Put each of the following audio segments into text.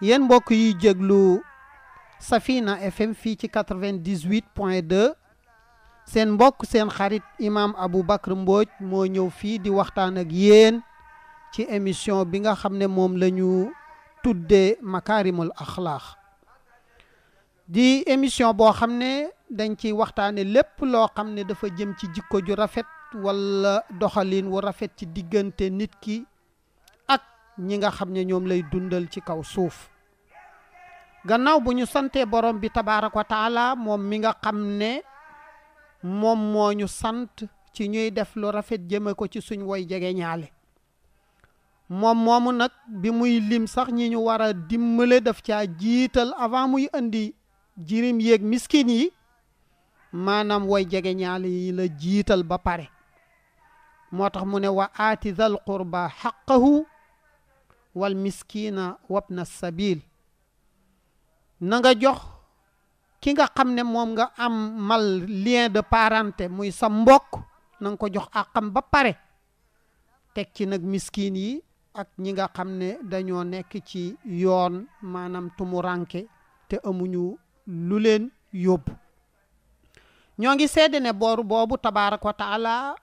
yéen mbokk yuy jéglu Safina FM fii ci 98 point 2 seen mbokk seen xarit imaam abu Aboubacar Mbodj moo ñëw fii di waxtaan ak yéen ci émission bi nga xam ne moom la ñu tuddee makaarimul axlaax di émission boo xam ne dañ ci waxtaane lépp loo xam ne dafa jëm ci jikko ju rafet wala doxaliin wu rafet ci diggante nit ki ñi nga xam ne ñoom lay dundal ci kaw suuf gannaaw bu ñu santee borom bi tabaaraka ko taala moom mi nga xam ne moom moo ñu sant ci ñuy def lu rafet jëme ko ci suñ woy jege ñaale moom moomu nag bi muy lim sax ñi ñu war a dimbale daf ca jiital avant muy indi jirim yéeg miskin yi maanaam woy jege yi la jiital ba pare moo tax mu ne wa aati zal qurba xaqahu wal miskina wabna sabil na nga jox ki nga xam ne moom nga am mal lien de parenté muy sa mbokk na ko jox àqam ba pare teg ci nag miskin yi ak ñi nga xam ne dañoo nekk ci yoon maanaam tumuranke te amuñu lu leen yóbbu ñoo ngi seede ne boor boobu tabaaraka wa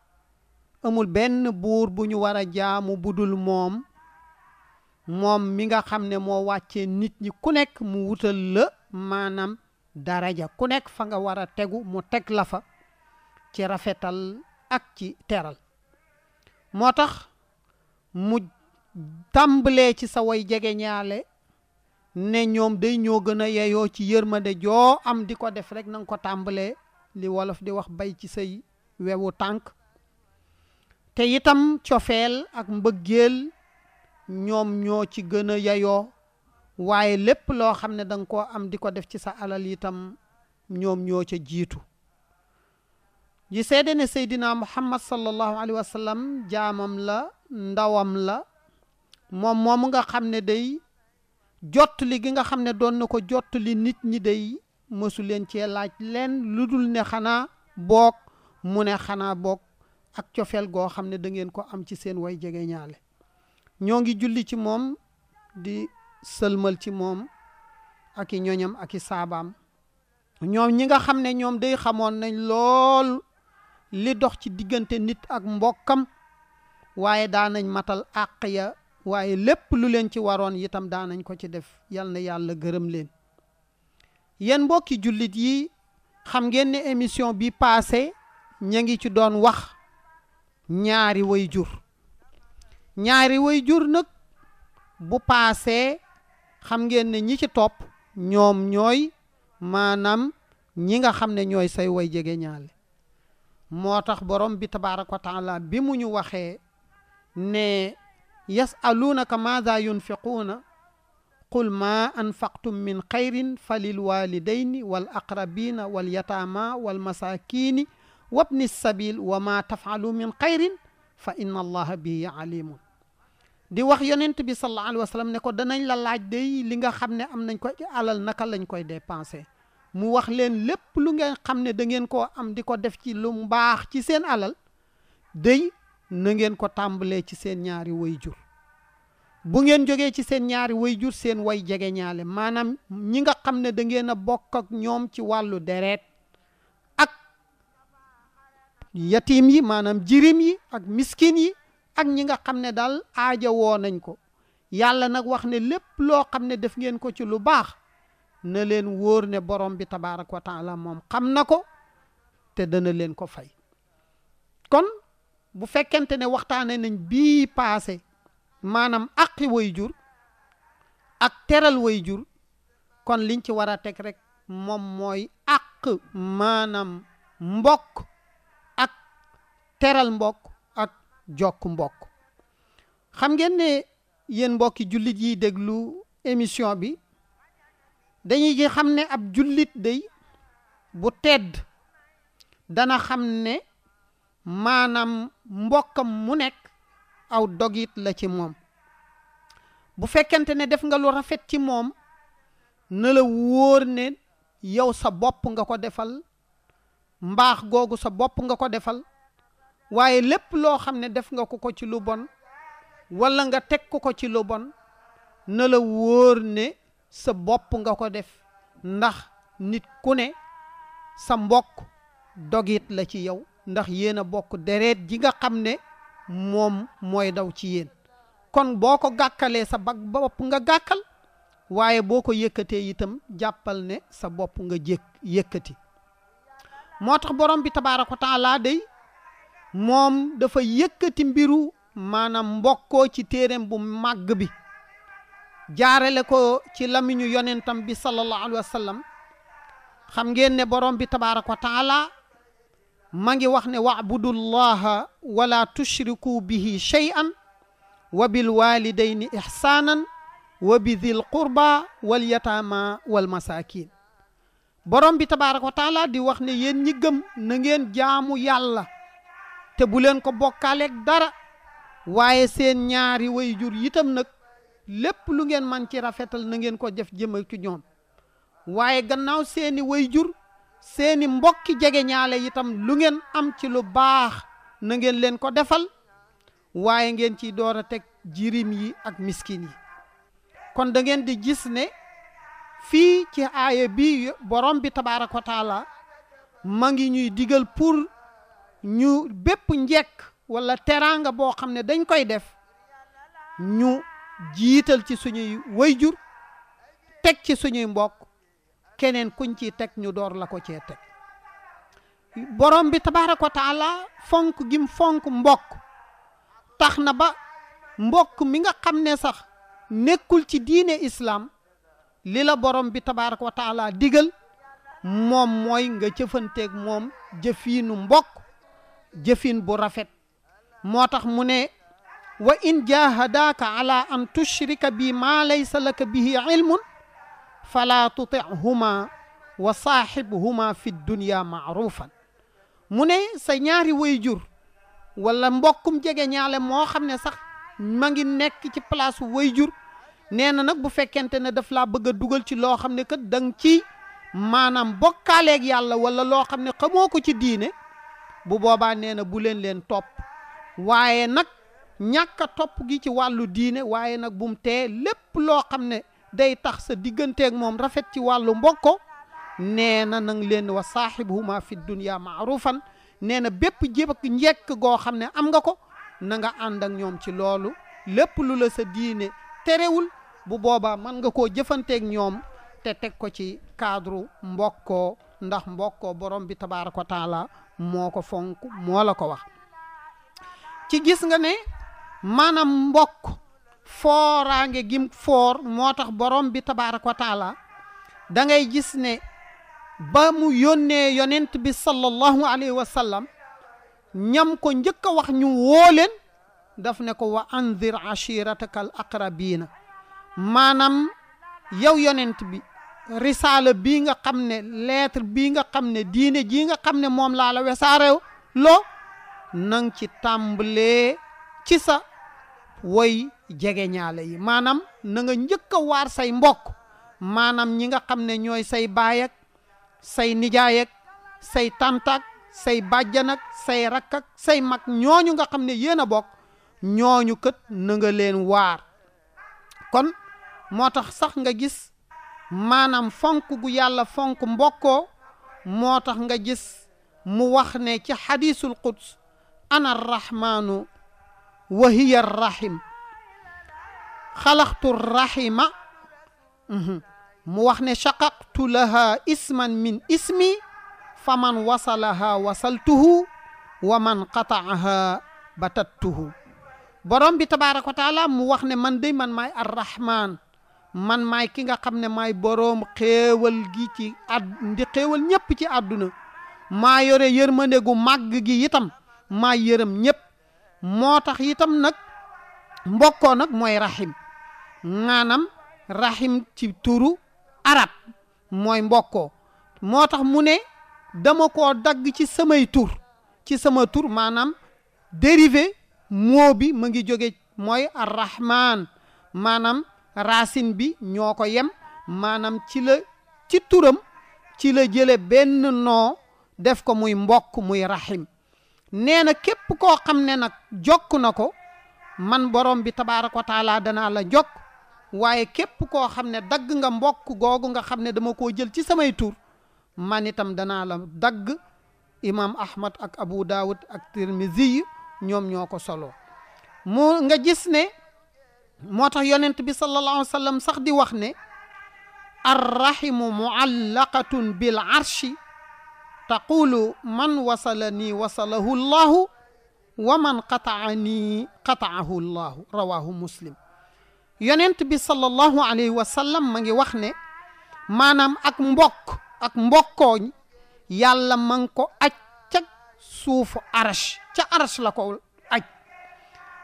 amul benn buur bu ñu war a jaamu budul moom moom mi nga xam ne moo wàccee nit ñi ku nekk mu wutal la maanaam ja ku nekk fa nga war a tegu mu teg la fa ci rafetal ak ci teral moo tax mu tàmbalee ci sa way jege ne ñoom day ñoo gën a yeyoo ci yërmande joo am di ko def rekk na ko tàmbalee li wolof di wax bay ci say wewu tànk te itam cofeel ak mbëggeel ñoom ñoo ci gën a yayoo waaye lépp loo xam ne danga ko am di ko def ci sa alal itam ñoom ñoo ca jiitu ji seede ne seydina muhammad sallallahu alayhi wa sallam jaamam la ndawam la moom moom nga xam ne day jottali gi nga xam ne doon na ko jottali nit ñi day mësu cee laaj leen lu dul ne xanaa boog mu ne xanaa boog ak cofeel goo xam ne dangeen ko am ci seen way jege ñaale ñoo ngi julli ci moom di sëlmal ci moom ak i ñoñam ak i saabaam ñoom ñi nga xam ne ñoom day xamoon nañ lool li dox ci diggante nit ak mbokkam waaye daanañ matal àq ya waaye lépp lu leen ci waroon itam daanañ ko ci def yal na yàlla gërëm leen yéen mbokki jullit yi xam ngeen ne émission bi passé ña ngi ci doon wax ñaari way jur ñaari way jur nak bu passé xam ngeen ne ñi ci top ñom ñoy manam ñi nga xamne ñoy say way jégué ñaale motax borom bi tabaaraka wa taala bi mu ñu waxé ne yas'alunaka maada yunfiquuna qul ma anfaqtum min xayrin fa lilwalidayni wal aqrabina wal yataama wal masakini wabni sabil wa ma tafaalu min xayrin fa inna allaha di wax yonent bi sallallahu alayhi wa ne ko danañ la laaj day li nga xam ne am nañ ko ci alal naka lañ koy dépensé mu wax leen lépp lu ngeen xam ne dangeen ko am di ko def ci lu mbaax ci seen alal day na ngeen ko tàmbalee ci seen ñaari wayjur bu ngeen jógee ci seen ñaari wayjur seen way jege ñaale maanaam ñi nga xam ne da ngeen a bokk ak ñoom ci wàllu deret ak yatim yi maanaam jirim yi ak miskin yi ak ñi nga xam ne daal aajowoo nañ ko yàlla nag wax ne lépp loo xam ne def ngeen ko ci lu baax na leen wóor ne borom bi tabaaraka wa taala moom xam na ko te dana leen ko fay kon bu fekkente ne waxtaane nañ bii paase maanaam aqi way jur ak teral way jur kon liñ ci war a teg rek moom mooy àq maanaam mbokk ak teral mbokk jokk mbokk xam ngeen ne yéen mbokki jullit yi déglu émission bi dañuy xam ne ab jullit day bu tedd dana xam ne maanaam mbokkam mu nekk aw dogit la ci moom bu fekkente ne def nga lu rafet ci moom na la wóor ne yow sa bopp nga ko defal mbaax googu sa bopp nga ko defal waaye lépp loo xam ne def nga ko ko ci lu bon walla nga teg ko ko ci lu bon na la wóor ne sa bopp nga ko def ndax nit ku ne sa mbokk dogit la ci yow ndax yéena bokk deret ji nga xam ne moom mooy daw ci yéen kon boo ko gàkkalee sa bag bopp nga gàkkal waaye boo ko yëkkatee itam jàppal ne sa bopp nga jékk yëkkati moo tax borom bi tabaaraka wa taala day moom dafa yëkkati mbiru maanaam mbokkoo ci téereem bu màgg bi jaarale ko ci lamiñu yonentam bi sallallahu alayhi wa sallam xam ngeen ne borom bi tabaaraka wa taala ma ngi wax ne waabudullaha wala tushriku bihi shay'an wa bil walidayni ihsanan wa bi dil qurba wal yataama wal masaakin borom bi tabaaraka wa taala di wax ne yéen ñi gëm na ngeen jaamu yàlla te bu len ko ak dara waye sen ñaari way jur yitam nak lepp lu ngeen man ci rafetal na ngeen ko def jëm ci ñoom waye gannaaw seeni way jur seeni mbokki jege ñaale yitam lu ngeen am ci lu baax na ngeen len ko defal waye ngeen ci doora tek jirim yi ak miskin yi kon da ngeen di gis ne fi ci aya bi borom bi tabaaraku taala ma ñuy digal pour ñu bépp njekk walla teraanga boo xam ne dañ koy def ñu jiital ci suñuy wayjur teg ci suñuy mbokk keneen kuñ ci teg ñu door la ko cee teg borom bi tabaaraka wa fonk gim fonk mbokk tax na ba mbokk mi nga xam ne sax nekkul ci diine islaam li la borom bi tabaaraka wa taala digal moom mooy nga jëfanteeg moom jëfiinu mbokk jëfin bu rafet moo mu ne wa in jahadaaka ala an tushrika bi ma laysa laka bihi ilmun fala tutihuma wa saaxibhuma fi dunya maarufan mu ne sa ñaari wayjur wala mbokkum jege ñaale moo xam ne sax ma ngi nekk ci place wayjur nee na nag bu fekkente ne daf laa bëgg a ci loo xam ne dang ci maanaam bokkaaleeg yàlla wala loo xam ne ci diine bu boobaa nee na bu leen leen topp waaye nag ñàkka topp gi ci wàllu diine waaye nag bum tee lépp loo xam ne day tax sa digganteeg moom rafet ci wàllu mbokko nee na nang leen wa saaxibuhuma fi dunya maarufan nee na bépp jéb ak njekk goo xam ne am nga ko na nga ànd ak ñoom ci loolu lépp lu la sa diine terewul bu boobaa mën nga koo jëfanteeg ñoom te teg ko ci cadre mbokkoo ndax mbokkoo borom bi tabaaraka wa taala moo ko fonk moo ko wax ci gis nga ne maanaam mbokk fooraange gim foor moo tax borom bi tabaaraka wa dangay da gis ne ba mu yónnee yonent bi sallallahu alayhi wa sallam ñam ko njëkk a wax ñu woo daf ne ko wa anzir achirataka al aqrabina maanaam yow yonent bi risaala bii nga xam ne lettre bii nga xam ne diine jii nga xam ne moom laa la wesaare loo nang ci tàmbalee ci sa woy jege yi maanaam na nga njëkk a waar say mbokk maanaam ñi nga xam ne ñooy say baay say nijaayak say tàntak say bàjjan say rakk say mag ñooñu nga xam ne yéen a bokk ñooñu kët na nga leen waar kon moo tax sax nga gis maanaam fonk gu yàlla fonk mbokko moo tax nga jis mu wax ne ci xadiisul quds ana arrahmaanu wa hiya arrahim xalaqtu rahima mu wax ne shaqaqtu laha isman min ismi fa man wasalaha wasaltuhu wa man qataaha batattuhu borom bi wa taala mu wax man day man maay man may ki nga xamne ne borom xewal gi ci ad di xewal ñepp ci aduna ma yore yermane gu mag gi itam ma yërëm ñepp motax itam nak mbokkoo nak moy rahim nganam rahim ci turu arab moy mbokkoo mune tax mu ne dama ko dag ci samay tur ci sama tur manam dérivé mo bi ma ngi moy ar rahman manam racine bi ñoo ko yem maanaam ci la ci turam ci la jële benn noo def ko muy mbokk muy rahim nee na képp koo xam ne nag jokk na ko man borom bi tabaaraka wa danaa la jokk waaye képp koo xam ne dagg nga mbokk googu nga xam ne dama koo jël ci samay tur manitam itam la dagg imaam ahmad ak abu daawud ak tirmisi ñoom ñoo ko solo mu nga gis ne moo tax yonent bi sallallahu alayhi wa sallam sax di wax ne arrahimu muallaqatun bil arshi taqulu man wasalani wasalahu llahu wa man qataani qataahu llahu rawahu muslim yonent bi sallallahu alayhi wa sallam ma ngi wax ne maanaam ak mbokk ak mbokkooñ yàlla ma ngi ko aj ca suufu arash ca arash la ko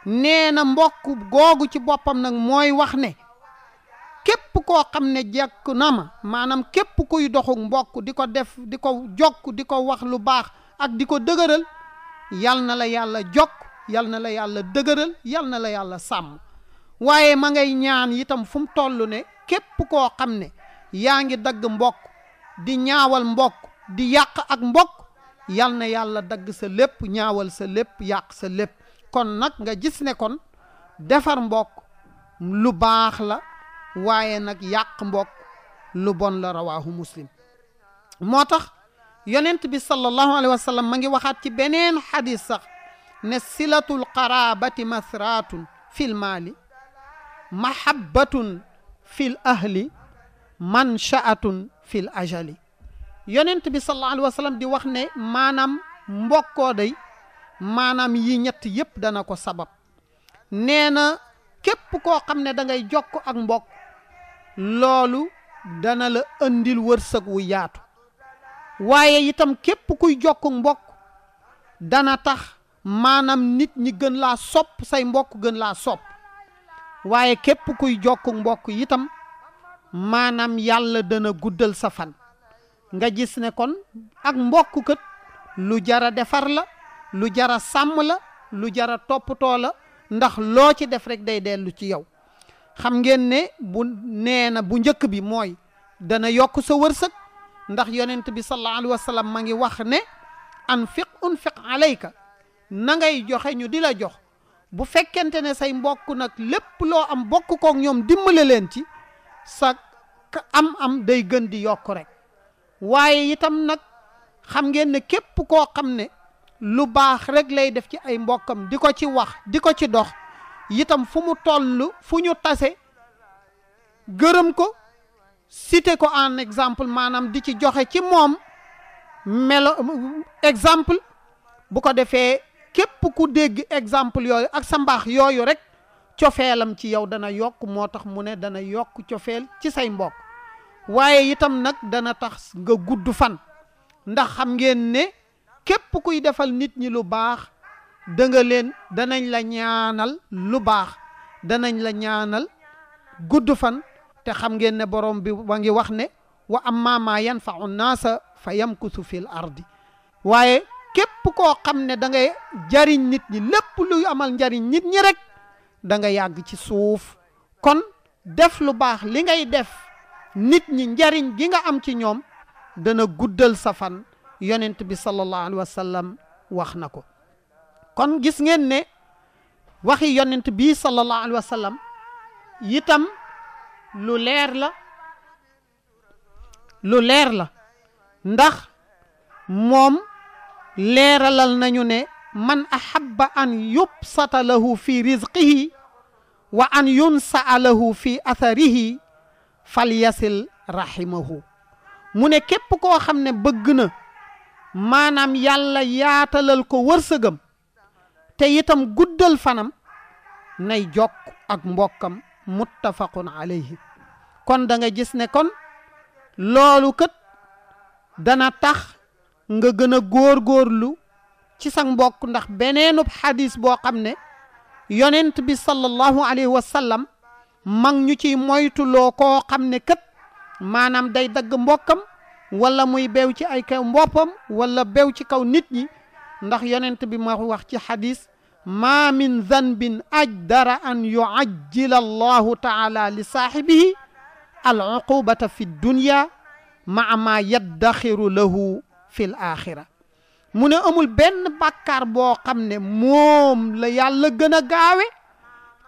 nee na mbokk googu ci boppam nag mooy wax ne képp koo xam ne jekk na ma maanaam képp kuy doxuk mbokk di ko def di ko jokk di ko wax lu baax ak di ko dëgëral yal na la yàlla jokk yal na la yàlla dëgëral yal na la yàlla sàmm waaye ma ngay ñaan itam fu mu toll ne képp koo xam ne yaa ngi dagg mbokk di ñaawal mbokk di yàq ak mbokk yal na yàlla dagg sa lépp ñaawal sa lépp yàq sa lépp kon nak nga gis ne kon defar mbok lu bax la waye nak yak mbok lu bon la rawahu muslim motax yonent bi sallallahu alaihi wasallam mangi waxat ci benen hadith sax ne silatul qarabati masratun fil mali mahabbatun fil ahli manshaatun fil ajali yonent bi sallallahu alaihi wasallam di wax ne manam mboko day maanaam yi ñett yépp dana ko sabab nee na képp koo xam ne dangay jokk ak mbokk loolu dana la andil wërsëg wu yaatu waaye itam képp kuy jokk mbokk dana tax maanaam nit ñi gën laa sopp say mbokk gën laa sopp waaye képp kuy jokk mbokk yitam maanaam yàlla dana guddal sa fan nga gis ne kon ak mbokk kat lu jara defar la lu jara sam la lu jara toppatoo la ndax lo ci def rek day delu ci yow xam ngeen ne bu neena na bu njëkk bi mooy dana yokk sa wërsëg ndax yonent bi sallallahu alaihi wasallam ma ngi wax ne anfiq unfiq alayka na ngay joxe ñu di la jox bu fekkente ne say mbokk nag lépp loo am bokk koog ñoom dimbale leen ci sa am am day gën di yokk rek waaye itam nag xam ngeen ne képp koo xam lu baax rek lay def ci ay mbokkam di ko ci wax di ko ci dox itam fu mu toll fu ñu tase gërëm ko cité ko en exemple maanaam di ci joxe ci moom melo exemple bu ko defee képp ku dégg exemple yooyu ak sa mbaax yooyu rek cofeelam ci yow dana yokk moo tax mu ne dana yokk cofeel ci say mbokk waaye itam nag dana tax nga gudd fan ndax xam ngeen ne képp kuy defal nit ñi lu baax da nga leen danañ la ñaanal lu baax danañ la ñaanal gudd fan te xam ngeen ne borom bi wa ngi wax ne wa amma ma yanfau naasa fa yamkusu fil ardi waaye képp koo xam ne da ngay jariñ nit ñi lépp luy amal njariñ nit ñi rek da nga yàgg ci suuf kon def lu baax li ngay def nit ñi njariñ gi nga am ci ñoom dana guddal sa fan yonent bi sallallahu alayhi wa sallam wax na ko kon gis ngeen ne waxi yonent bi sallallahu alayhi wa sallam itam lu leer la lu leer la ndax moom leeralal nañu ne man ahabba an yubsata lahu fi rizqihi wa an yunsaa lahu fi atharihi falyasil rahimahu mu ne képp koo xam ne bëgg na maanaam yàlla yaatalal ko wërsëgam te itam guddal fanam nay jokk ak mbokkam muttafaqun alayhi kon danga nga gis ne kon loolu kët dana tax nga gën a góorgóorlu ci sa mbokk ndax beneenub xadis boo xam ne yonent bi sallallahu alayhi wa sallam mag ñu ciy moytuloo koo xam ne kët maanaam day dagg mbokkam ولا موي بيو تي اي كاو مبوبم ولا بيو تي كاو نيت ني نдах يونت بي ما واخ تي حديث ما من ذنب اجدر ان يعجل الله تعالى لصاحبه العقوبه في الدنيا مع ما يدخر له في الاخره من امول بن بكار بو خامني موم لا يالا غنا غاوي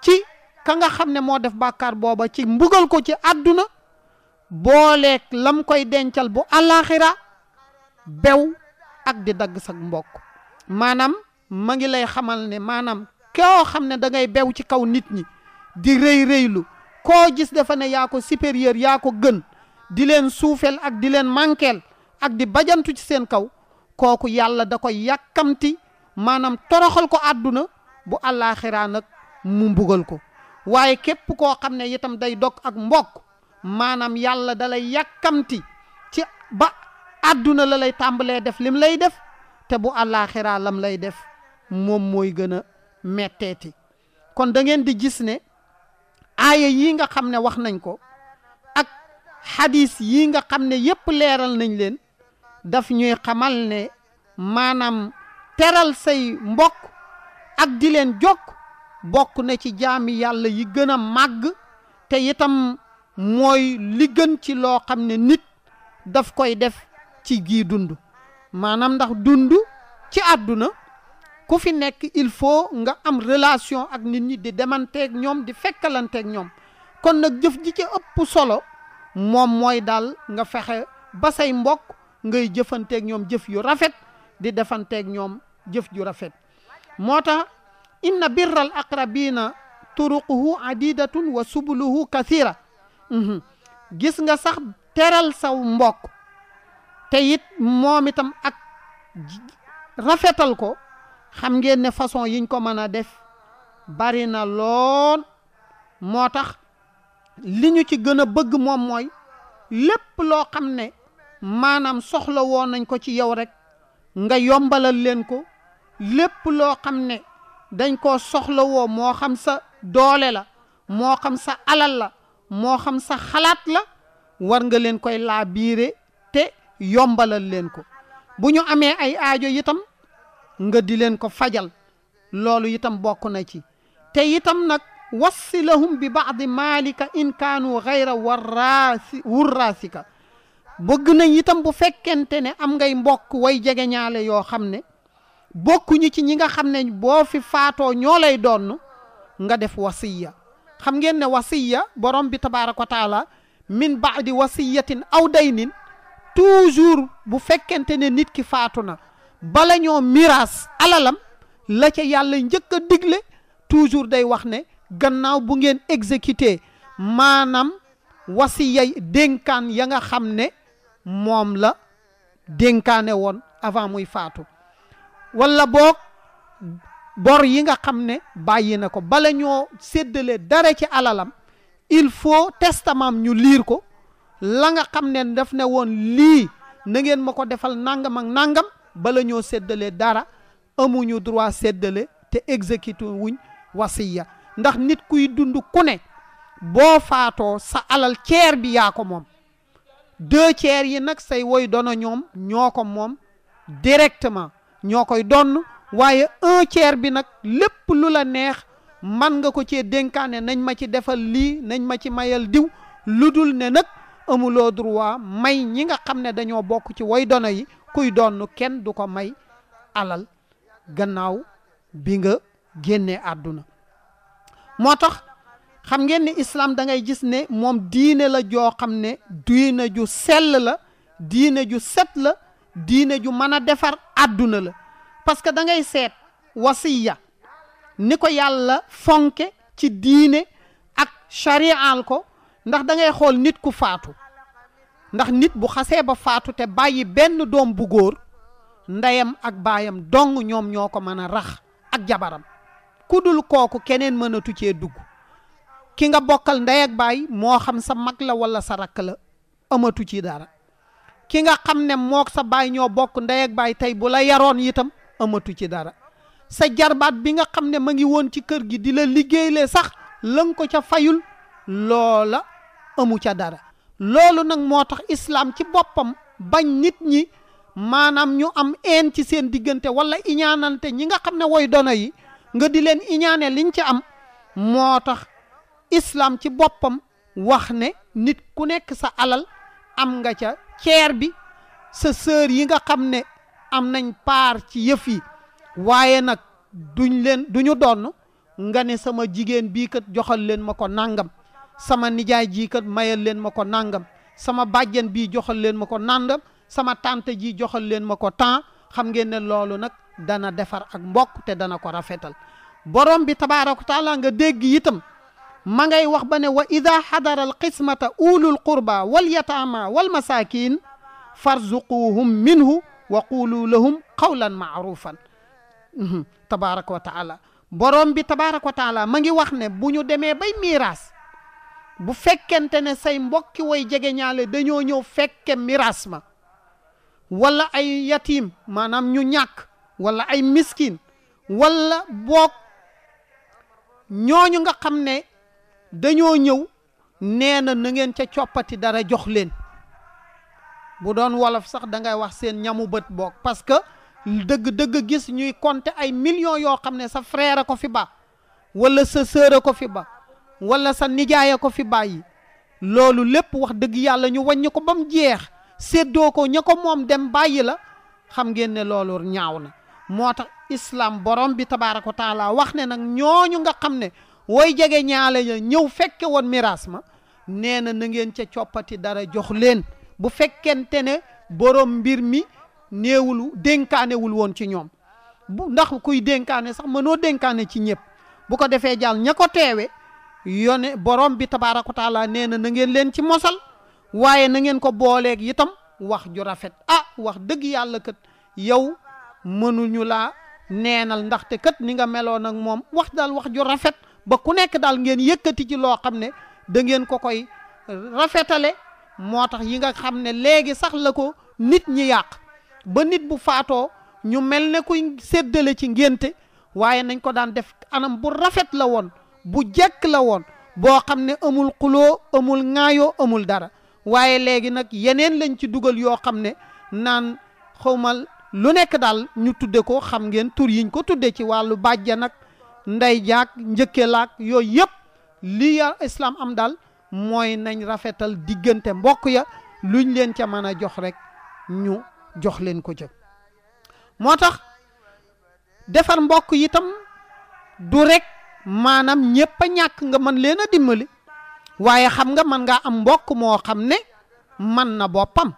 تي كاغا خامني مو ديف بكار بوبا تي مبوغل كو تي ادونا booleeg lam koy dencal bu àllaaxira bew ak di dagg sag mbokk maanaam ma ngi lay xamal ne maanaam koo xam ne dangay ngay bew ci kaw nit ñi di rëy réylu koo gis dafa ne yaa ko supérieur yaa ko gën di leen suufeel ak di leen mànkeel ak di bajantu ci seen kaw kooku yàlla da koy yàkkamti maanaam toroxal ko àdduna bu àllaaxiraa nag mu mbugal ko waaye képp koo xam ne itam day dog ak mbokk maanaam yàlla dalay yàkkamti ci ba àdduna la lay tàmbalee def lim lay def te bu àllaaxiraa lam lay def moom mooy gën a metteeti kon da ngeen di gis ne aaya yii nga xam ne wax nañ ko ak xadiis yii nga xam ne yépp leeral nañ leen daf ñuy xamal ne maanaam teral say mbokk ak di leen jokk bokk na ci jaami yàlla yi gën a màgg te itam mooy li gën ci loo xam ne nit daf koy def ci gii dund maanaam ndax dund ci àdduna ku fi nekk il faut nga am relation ak nit ñi di demanteeg ñoom di fekkalanteeg ñoom kon nag jëf ji ci ëpp solo moom mooy daal nga fexe ba say mbokk ngay jëfanteeg ñoom jëf yu rafet di defanteeg ñoom jëf ju rafet moo tax na birral aqrabina turuquhu adidatun wa subuluhu kathira Mhm. gis nga sax teral saw mbokk te it moom itam ak rafetal ko xam ngeen ne façon yiñ ko mën a def bari na lool moo tax li ñu ci gën a bëgg moom mooy lépp loo xam ne maanaam soxla woon nañ ko ci yow rek nga yombalal leen ko lépp loo xam ne dañ koo soxlawoo moo xam sa doole la moo xam sa alal la moo xam sax xalaat la war nga leen koy laabiire te yombalal leen ko bu ñu amee ay aajo yitam nga di leen ko fajal loolu itam bokk na ci te itam nag wassilahum bi baadi maalika in kaanu xayra warraasi wurraasika bëgg nañ itam bu fekkente ne am ngay mbokk way jegeñaale yoo xam ne bokkuñu ci ñi nga xam ne boo fi faatoo ñoo lay doon nga def wasiya xam ngeen ne wasiya borom bi tabaraka wa taala min badi wasiyatin aw daynin toujours bu fekkente ne nit ki faatu na bala ñoo miraas alalam la ca yàlla njëkk a digle toujours day wax ne gannaaw bu ngeen exécuté maanaam wasiya dénkaan ya nga xam ne moom la dénkaane woon avant muy faatu wala boog bor yi nga xam ne bàyyi na ko bala ñoo séddale dara ci alalam il faut testament ñu liir ko la nga xam ne daf ne woon lii na ngeen ma ko defal nangam nangam bala ñoo séddale dara amuñu droit seddale te exécuté wuñ wasiya ndax nit kuy dund ku ne boo faatoo sa alal ceer bi yaa ko moom deux tiers yi nag say woy dono ñoom ñoo ko moom directement ñoo koy donn waaye un tiers bi nag lépp lu la neex man nga ko cee dénkaane nañ ma ci defal lii nañ ma ci mayal diw lu dul ne nag amuloo droit may ñi nga xam ne dañoo bokk ci way dono yi kuy doon kenn du ko may alal gannaaw bi nga génnee àdduna moo tax xam ngeen ni islaam da ngay gis ne moom diine la joo xam ne diine ju sel la diine ju set la diine ju mën a defar àdduna la parce que da seet wasiya ni ko yàlla fonke ci diine ak chariaal ko ndax dangay xool nit ku faatu ndax nit bu xasee ba faatu te bàyyi benn doom bu góor ndeyam ak baayam dong ñoom ñoo ko mën a rax ak jabaram ku dul kooku keneen mënatu cee dugg ki nga bokkal ndey ak baay moo xam sa mag la walla sa rakk la amatu ci dara ki nga xam ne moo sa baay ñoo bokk ndey ak baay tey bu la yaroon yitam amatu ci dara sa jarbat bi nga xamne ne ma ngi woon ci kër gi di la liggéeyle sax lang ko ca fayul loola amu ca dara loolu nag moo tax islaam ci boppam bañ nit ñi maanaam ñu am en ci seen diggante wala iñaanante ñi nga xam ne woy dona yi nga di leen iñaane liñ ci am moo tax islaam ci boppam wax ne nit ku nekk sa alal am nga ca ceer bi sa sœur yi nga xam ne am nañ paar ci yëf yi waaye nag duñ leen duñu donn nga ne sama jigéen bii kat joxal leen ma ko nangam sama nijaay ji kat mayal leen ma ko nangam sama bàjjen bii joxal leen ma ko nangam sama tante ji joxal leen ma ko temps xam ngeen ne loolu nag dana defar ak mbokk te dana ko rafetal borom bi tabaaraka taala nga dégg itam ma ngay wax ba ne wa ida xadara alqismata ulul qurba wal yataama wal masaakin farzuquhum minhu wa qulu lahum qawlan maarufan tabaraka wa taala borom bi tabaraka wa taala ma ngi wax ne bu ñu demee bay miiraas bu fekkente ne say mbokki way jege ñaale dañoo ñëw fekke miiraas ma wala ay yatim maanaam ñu ñàkk wala ay miskin wala boog ñooñu nga xam ne dañoo ñëw nee na na ngeen ca coppati dara jox leen bu doon wolof sax da ngay wax seen ñamu bët boog parce que dëgg-dëgg gis ñuy compter ay million yoo xam ne sa frère ko fi ba wala sa sœur ko fi ba wala sa nijaay ko fi bàyyi loolu lépp wax dëgg yàlla ñu wàññi ko ba jeex séddoo ko ña ko moom dem bàyyi la xam ngeen ne loolu ñaaw na moo tax islam borom bi tabaraka taala wax ne nag ñooñu nga xam ne woy jege ñaale ya ñëw fekke woon miraas ma nee na na ngeen ca coppati dara jox leen bu fekkente ne borom mbir mi néewul dénkaanewul woon ci ñoom bu ndax kuy dénkaane sax mënoo dénkaane ci ñëpp bu ko defee jàll ña ko teewe yone borom bi tabaaraka taala nee na na ngeen leen ci mosal waaye na ngeen ko booleek itam wax ju rafet ah wax dëgg yàlla kat yow mënuñu laa neenal ndaxte kat ni nga meloon ak moom wax daal wax ju rafet ba ku nekk daal ngeen yëkkati ci loo xam ne da ngeen ko koy rafetale moo tax yi nga xam ne léegi sax la ko nit ñi yàq ba nit bu faatoo ñu mel ne kuy seddale ci ngénte waaye nañ ko daan def anam bu rafet la woon bu jekk la woon boo xam ne amul xuloo amul ŋaayoo amul dara waaye léegi nag yeneen lañ ci dugal yoo xam ne naan xawma lu nekk daal ñu tudde ko xam ngeen tur yiñ ko tudde ci wàllu bàjja nag ndey jaak njëkke laak yooyu yëpp li ya islam am daal mooy nañ rafetal diggante mbokk ya luñ leen ca mën a jox rek ñu jox leen ko ca moo tax defar mbokk itam du rekk maanaam ñépp a ñàkk nga mën leen a dimbali waaye xam nga mën ngaa am mbokk moo xam ne mën na boppam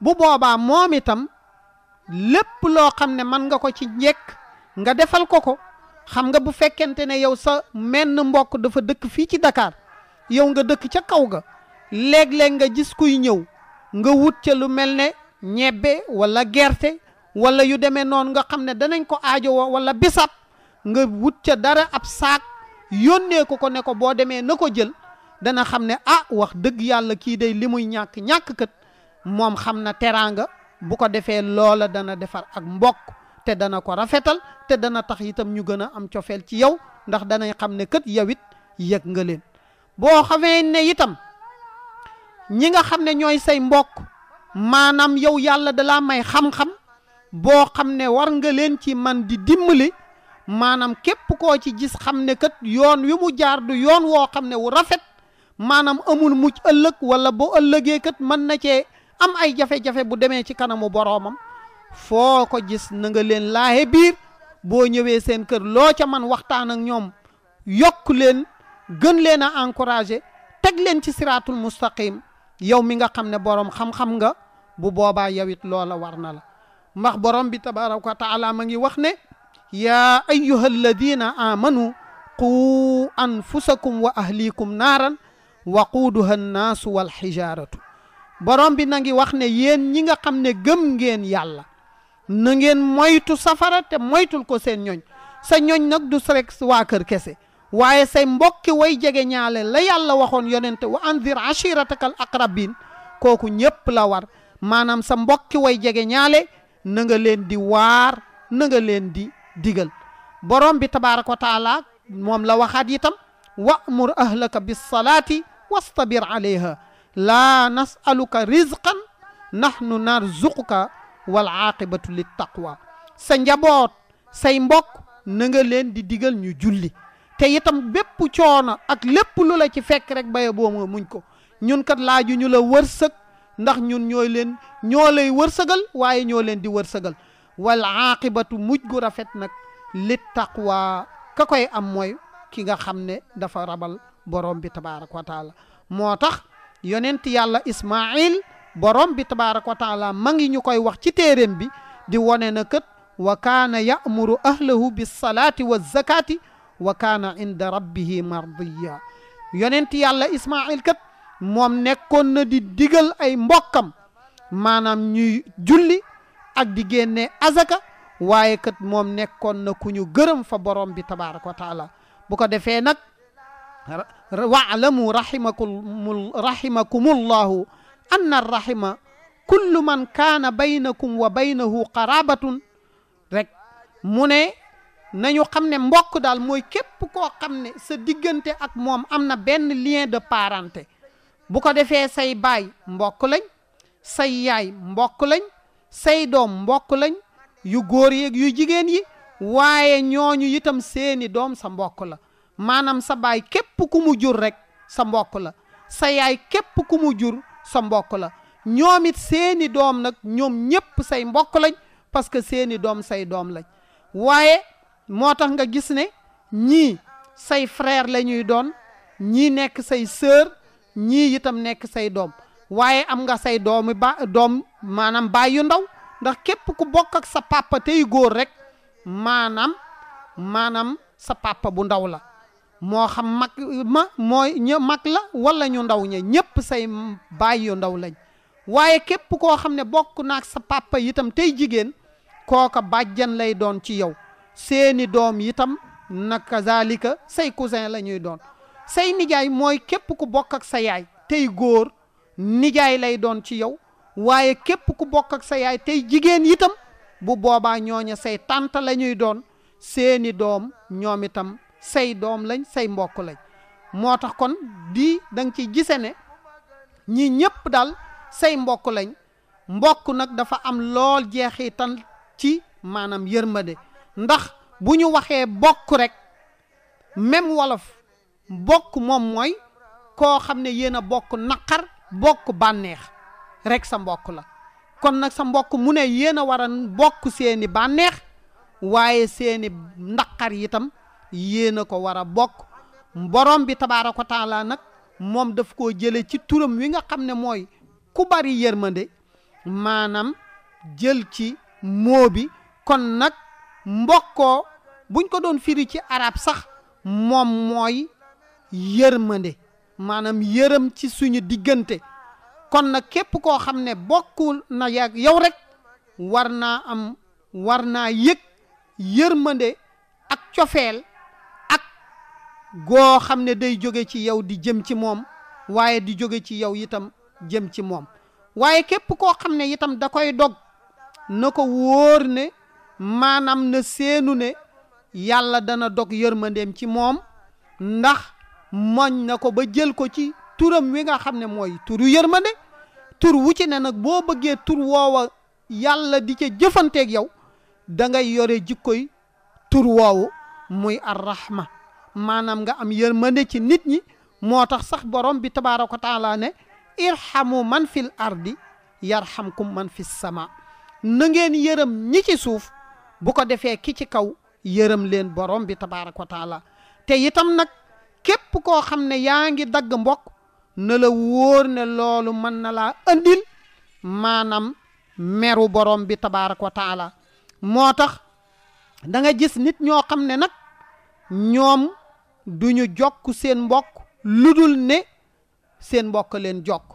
bu boobaa moom itam lépp loo xam ne mën nga ko ci njëkk nga defal ko ko xam nga bu fekkente ne yow sa menn mbokk dafa dëkk fii ci dakaar yow nga dëkk ca kaw ga léeg-léeg nga gis kuy ñëw nga wut ca lu mel ne ñebbe wala gerte wala yu demee noonu nga xam ne danañ ko aajowoo wala bisab nga wut ca dara ab saak yónnee ko ko ne ko boo demee na ko jël dana xam ne ah wax dëgg yàlla kii day li muy ñàkk ñàkk kat moom xam na teraanga bu ko defee loola dana defar ak mbokk te dana ko rafetal te dana tax itam ñu gën a am cofeel ci yow ndax danañ xam ne kat yow it yëg nga leen boo xamee ne itam ñi nga xam ne ñooy say mbokk maanaam yow yàlla dalaa may xam-xam boo xam ne war nga leen ci man di dimbali maanaam képp koo ci gis xam ne kat yoon wi mu jaar du yoon woo xam ne wu rafet maanaam amul mucc ëllëg wala bu ëllëgee kat mën na cee am ay jafe-jafe bu demee ci kanamu boroomam foo ko gis na nga leen laaye biir boo ñëwee seen kër loo ca man waxtaan ak ñoom yokk leen gën leena encourager encouragé teg leen ci siratul mustaqim yow mi nga xamne borom xam-xam nga bu boba yawit loola war na la mbax borom bi tabaraka wa taala ma ngi wax ne ya ayuha alladina amanu qu anfusakum wa ahlikum naran wa qudaha an-nas wal walxijaaratu borom bi nangi wax ne yéen ñi nga xamne gëm ngeen yàlla na ngeen moytu safara te moytul ko seen ñooñ sa ñooñ nak du rek wa kër kese waye say mbokki way jégué ñaale la yàlla waxon yonente wa anzir ashiratakal aqrabin koku ñépp la war manam sa mbokki way jégué ñaale na nga leen di war na nga leen di digal borom bi tabaaraku taala mom la waxat itam wa'mur ahlaka bis-salati wastabir alayha la nasaluka rizqan nahnu narzuquka wal 'aqibatu lit taqwa sa njabot say mbokk na nga leen di digal ñu julli te itam bépp coono ak lépp lu la ci fekk rek baye boo moo muñ ko ñun kat laaju ñu la wërsëg ndax ñun ñooy leen ñoo lay wërsëgal waaye ñoo leen di wërsëgal wal aaqibatu mujj gu rafet nag lit taqwa ka koy am mooy ki nga xam ne dafa rabal borom bi tabaaraka wa taala moo tax yonent yàlla Ismaayil borom bi tabaaraka wa taala ma ngi ñu koy wax ci téeréem bi di wone na kët wa kaana ya'muru ahlahu bis salaati wa zakaati وكان عند ربه مرضيا يوننت يالا اسماعيل كات موم نيكون دي ديغل اي مبوكم مانام ني جولي اك دي генي ازكا وايي كات موم نيكون كو ني گرم فا بروم بي تبارك وتعالى بوكو ديفه نك واعلموا رحمكم رحمكم الله ان الرحم كل من كان بينكم وبينه قرابه رك موني nañu xam ne mbokk daal mooy képp koo xam ne sa diggante ak moom am na benn lien de parenté bu ko defee say baay mbokk lañ say yaay mbokk lañ say doom mbokk lañ yu góor yeeg yu jigéen yi waaye ñooñu itam seeni doom sa mbokk la maanaam sa baay képp ku mu jur rekk sa mbokk la sa yaay képp ku mu jur sa mbokk la ñoom it seeni doom nag ñoom ñépp say mbokk lañ parce que seeni doom say doom lañ waaye moo tax nga gis ne ñii say freer la ñuy doon ñii nekk say sœur ñii itam nekk say doom waaye am nga say doomi ba doom maanaam baay yu ndaw ndax képp ku bokk ak sa papa tey góor rek maanaam maanaam sa papa bu ndaw la moo xam mag mooy ña mag la wala ñu ndaw ña ñépp say baay yu ndaw lañ waaye képp koo xam ne bokk naak sa papa yitam tey jigéen kooka bàjjan lay doon ci yow seeni doom yitam naka zalika say cousin la ñuy doon say nijaay mooy képp ku bokk ak sa yaay tey góor nijaay lay doon ci yow waaye képp ku bokk ak sa yaay tey jigéen yitam bu boobaa ñooña say tànt lañuy doon seeni doom ñoom itam say doom lañ say mbokk lañ moo tax kon di da nga ciy gise ne ñi ñépp dal say mbokk lañ mbokk nag dafa am lool jeexi jeexital ci maanaam yërmande ndax bu ñu waxee bokk rekk même wolof bokk moom mooy koo xam ne yéen a bokk naqar bokk bànneex rekk sa mbokk la kon nag sa mbokk mu ne yéen a war a bokk seeni bànneex waaye seeni naqar yitam yéen a ko war a bokk borom bi ko taala nag moom daf koo jële ci turam wi nga xam ne mooy ku bari yërmande maanaam jël ci moo bi kon nag mbokkoo buñ ko doon firi ci arab sax moom mooy yërmande maanaam yërëm ci suñu diggante kon nag képp koo xam ne bokkul na yàgg yow rek war naa am war naa yëg yërmande ak cofeel ak goo xam ne day jóge ci yow di jëm ci moom waaye di jóge ci yow itam jëm ci moom waaye képp koo xam ne itam da koy dog na ko wóor ne maanaam na seenu ne yàlla dana dog yërmandeem ci moom ndax moñ na ko ba jël ko ci turam wi nga xam ne mooy turu yërmande tur wu ci ne nag boo bëggee tur woowa yàlla di ci jëfanteeg yow da ngay yore jikkoy tur woowu muy arrahma maanaam nga am yërmande ci nit ñi moo tax sax borom bi tabaaraka taala ne irhamu man fil ardi yarhamkum man fis sama na yërëm ñi ci suuf bu ko defee ki ci kaw yërëm leen borom bi tabaaraka wa taala te itam nag képp koo xam ne yaa ngi dagg mbokk na la wóor ne loolu mën na laa andil maanaam meru borom bi tabaaraka wa moo tax da nga gis nit ñoo xam ne nag ñoom duñu jokk seen mbokk lu dul ne seen mbokk leen jokk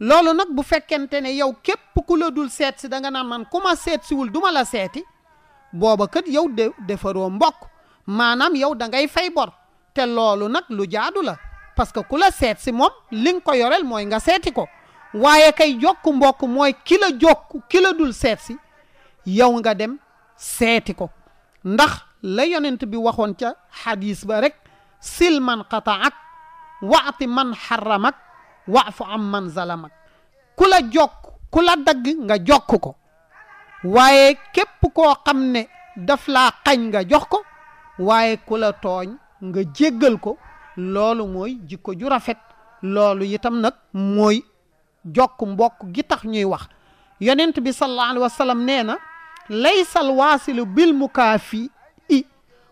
loolu nag bu fekkente ne yow képp ku la dul seet si danga naan man ku ma seet siwul du ma la seeti booba kat yow de defaroo mbokk maanaam yow da ngay fay bor te loolu nag lu jaadu la parce que ku la seet si moom li nga ko yoreel mooy nga seeti ko waaye kay jokk mbokk mooy ki jokk ki dul seet si yow nga dem seeti ko ndax la yonent bi waxoon ca xadis ba rek sil man qataak waati man xaramak waafu am man zalamak ku la jokk ku la dagg nga jokk ko waaye képp koo xam ne daf laa xañ nga jox ko waaye ku la tooñ nga jéggal ko loolu mooy jikko ju rafet loolu itam nag mooy jokk mbokk gi tax ñuy wax yonent bi sallallahu alayhi wa sallam nee na laysa alwaasilu bil mukaafi i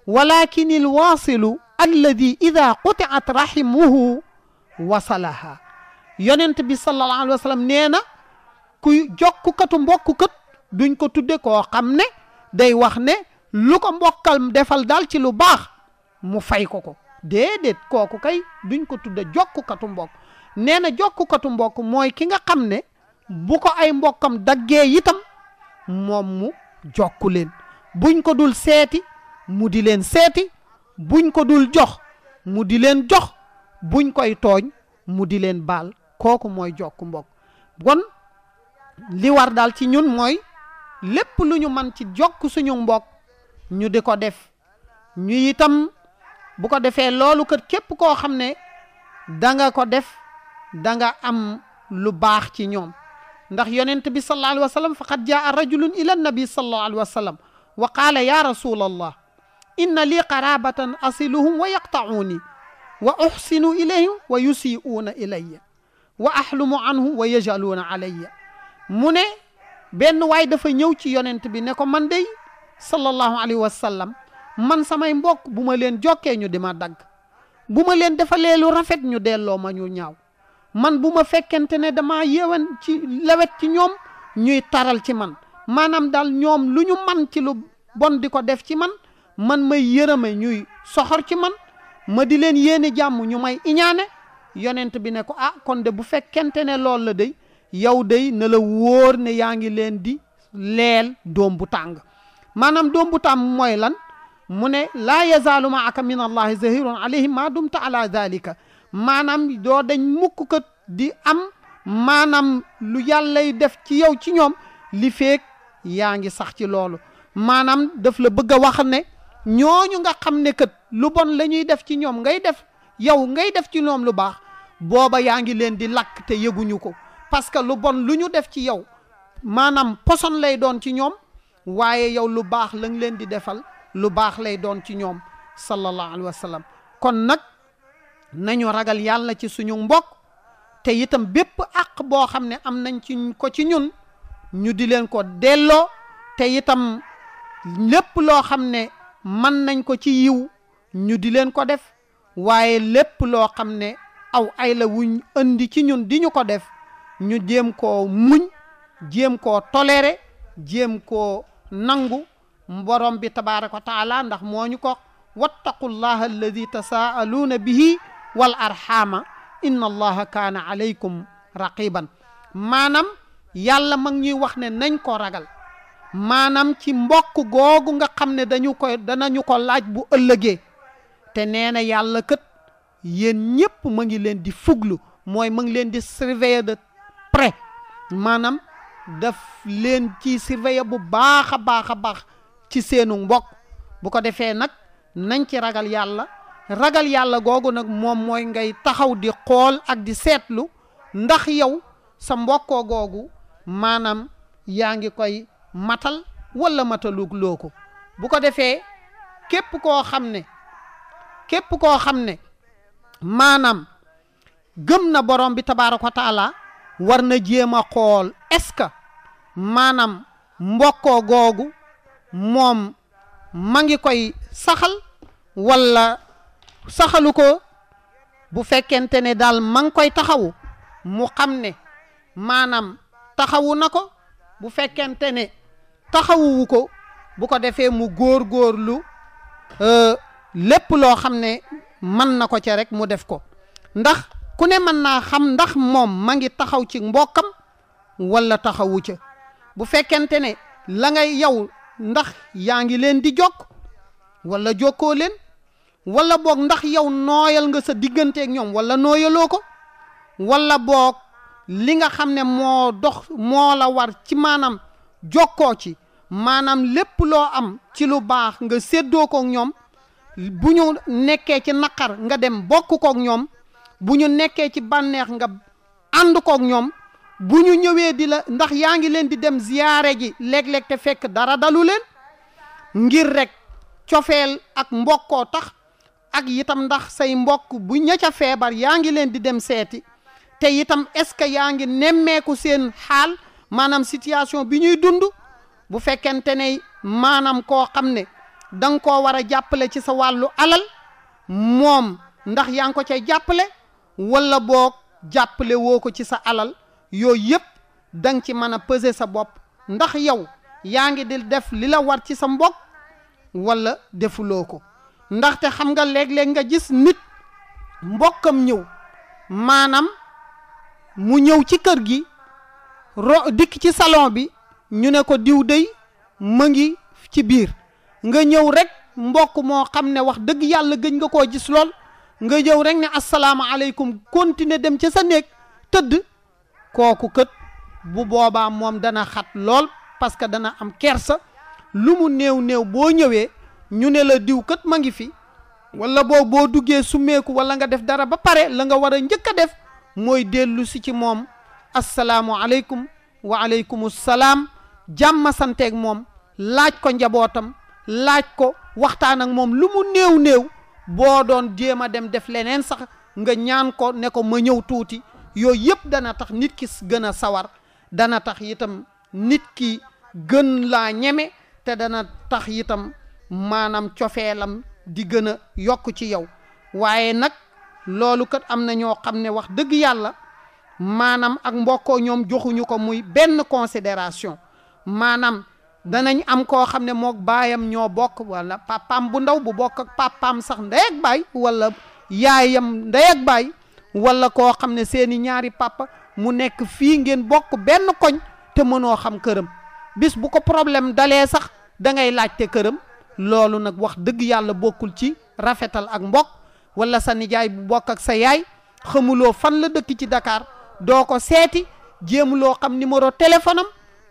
walakin alwaasilu alladi ida qutiat rahimuhu wasalaha yonent bi sallallahu alayhi wa sallam nee na ku jokkukatu mbokkukat duñ ko tudde koo xam ne day wax ne lu ko mbokkal defal daal ci lu baax mu fay ko ko déedéet kooku kay duñ ko tudde jokkukatu mbokk nee na jokkukatu mbokk mooy ki nga xam ne bu ko ay mbokkam daggee yitam moom mu jokku leen buñ ko dul seeti mu di leen seeti buñ ko dul jox mu di leen jox buñ koy tooñ mu di leen baal kooku mooy jokku mbokk kon li daal ci ñun mooy lépp lu ñu man ci jokk suñu mbokk ñu di ko def ñu itam bu ko defee loolu kat képp koo xam ne da nga ko def da nga am lu baax ci ñoom ndax yonent bi sallallahu alayhi wa sallam faqad jaa rajulun ila nabi sallallahu alayhi wa wa qaala ya rasulallah inna lii qarabatan asiluhum wa yaqta'uuni wa uxsinu ilayhim wa yusi'uuna ilayya wa ahlumu anhum wa yajaluuna alayya mu ne benn waay dafa ñëw ci yonent bi ne ko man dey sallallahu alayhi wa sallam man samay mbokk bu ma leen jokkee ñu di ma dagg bu ma leen defalee lu rafet ñu delloo ma ñu ñaaw man bu ma fekkente ne dama yéwan ci lawet ci ñoom ñuy taral ci man maanaam daal ñoom lu ñu man ci lu bon di ko def ci man man may yërëme ñuy soxor ci man ma di leen yéene jàmm ñu may iñaane yonent bi ne ko ah kon de bu fekkente ne loolu la dey yow day na la wóor ne yaa ngi leen di leel doom bu tàng maanaam doom bu tàng mooy lan mu ne laa yazaalu ma aka min allahi zahirun alayhim ma dumta ala dalika maanaam doo dañ mukk kat di am maanaam lu yàllay def ci yow ci ñoom li feeg yaa ngi sax ci loolu maanaam daf la bëgg a wax ne ñooñu nga xam ne kat lu bon la ñuy def ci ñoom ngay def yow ngay def ci ñoom lu baax booba yaa ngi leen di lakk te yëguñu ko parce que lu bon lu ñu def ci yow maanaam poson lay doon ci ñoom waaye yow lu baax la leen di defal lu baax lay doon ci ñoom sallallahu alayhi wa kon nag nañu ragal yàlla ci suñu mbokk te itam bépp àq boo xam ne am nañ ci ko ci ñun ñu di leen ko delloo te itam lépp loo xam ne mën nañ ko ci yiw ñu di leen ko def waaye lépp loo xam ne aw ay la indi ci ñun di ñu ko def ñu jéem ko muñ jéem ko toléré jéem ko nangu borom bi tabaraka wa taala ndax moo ñu ko wattaqullaha alladi tasaaluuna bihi wal arxaama inna allaha kaana aleykum raqiban maanaam yàlla mag ñuy wax ne nañ ko ragal maanaam ci mbokk googu nga xam ne dañu koy danañu ko laaj bu ëllëgee te nee na yàlla kët yéen ñépp ma ngi leen di fuglu mooy ma ngi leen di surveiller de près maanaam daf leen ci surveiller bu baax a baax a baax ci seenu mbokk bu ko defee nag nañ ci ragal yàlla ragal yàlla googu nag moom mooy ngay taxaw di xool ak di seetlu ndax yow sa mbokkoo googu maanaam yaa ngi koy matal walla matalug loo ko bu ko defee képp koo xam ne képp koo xam ne maanaam gëm na borom bi tabaaraka wa taala war na jéem a xool est-ce que maanaam mbokkoo googu moom ma ngi koy saxal walla saxalu ko bu fekkente ne daal ma ngi koy taxawu mu xam ne maanaam taxawu na ko bu fekkente ne taxawu ko bu ko defee mu góor-góorlu euh, lépp loo xam ne mën na ko ca rek mu def ko ndax ku ne mën naa xam ndax moom ma ngi taxaw ci mbokkam wala taxawu ca bu fekkente ne la ngay yow ndax yaa ngi leen di jokk wala jokkoo leen wala boog ndax yow nooyal nga sa digganteeg ñoom wala nooyaloo ko wala boog li nga xam ne moo dox moo la war ci maanaam jokkoo ci maanaam lépp loo am ci lu baax nga séddoo koog ñoom bu ñu nekkee ci naqar nga dem bokk koog ñoom bu ñu nekkee ci bànneex nga ànd kook ñoom bu ñu ñëwee di la ndax yaa ngi leen di dem ziyaare ji léeg-léeg fekk dara dalu leen ngir rekk cofeel ak mbokkoo tax ak itam ndax say mbokk bu ña ca feebar yaa ngi leen di dem seeti te itam est-ce que yaa ngi nemmeeku seen xaal maanaam situation bi ñuy dund bu fekkente ne maanaam koo xam ne da nga koo war a jàppale ci sa wàllu alal moom ndax yaa ngi ko cay jàppale wala boog jàppalewoo ko ci sa alal yooyu yëpp da nga ci mën a peser sa bopp ndax yow yaa ngi di def li la war ci sa mbokk wala defuloo ko ndaxte xam nga léeg-léeg nga gis nit mbokkam ñëw maanaam mu ñëw ci kër gi ro dikk ci salon bi ñu ne ko diw dey ma ngi ci biir nga ñëw rekk mbokk moo xam ne wax dëgg yàlla gën nga koo gis lool nga yow rek ne alaykum continue dem ci sa nek teud koku kat bu boba mom dana xat lol parce que dana am kersa lu mu new new bo ñewé ñu ne la diw kat ma ngi fi wala bo bo duggé suméku wala nga def dara ba pare la nga wara ñëk def moy delu ci ci assalamu alaykum wa aleykum salaam santé ak mom laaj ko njabotam laaj ko waxtaan ak mom lu mu new new boo doon jéem a dem def leneen sax nga ñaan ko ne ko ma ñëw tuuti yooyu yëpp dana tax nit ki gëna sawar dana tax itam nit ki gën laa ñeme te dana tax itam maanaam cofeelam di gëna yokk ci yow waaye nag loolu kat am na ñoo xam ne wax dëgg yàlla maanaam ak mbokkoo ñoom joxuñu ko muy benn considération maanaam danañ am koo xam ne mook baayam ñoo bokk wala papaam bu ndaw bu bokk ak papaam sax ndey ak baay wala yaayam ndey ak baay wala koo xam ne seeni ñaari papa mu nekk fii ngeen bokk benn koñ te mënoo xam këram bis bu ko problème dalee sax da ngay laajte këram loolu nag wax dëgg yàlla bokkul ci rafetal ak mbokk wala sa nijaay bu bokk ak sa yaay xamuloo fan la dëkk ci dakaar doo ko seeti jéemuloo xam numéro téléphone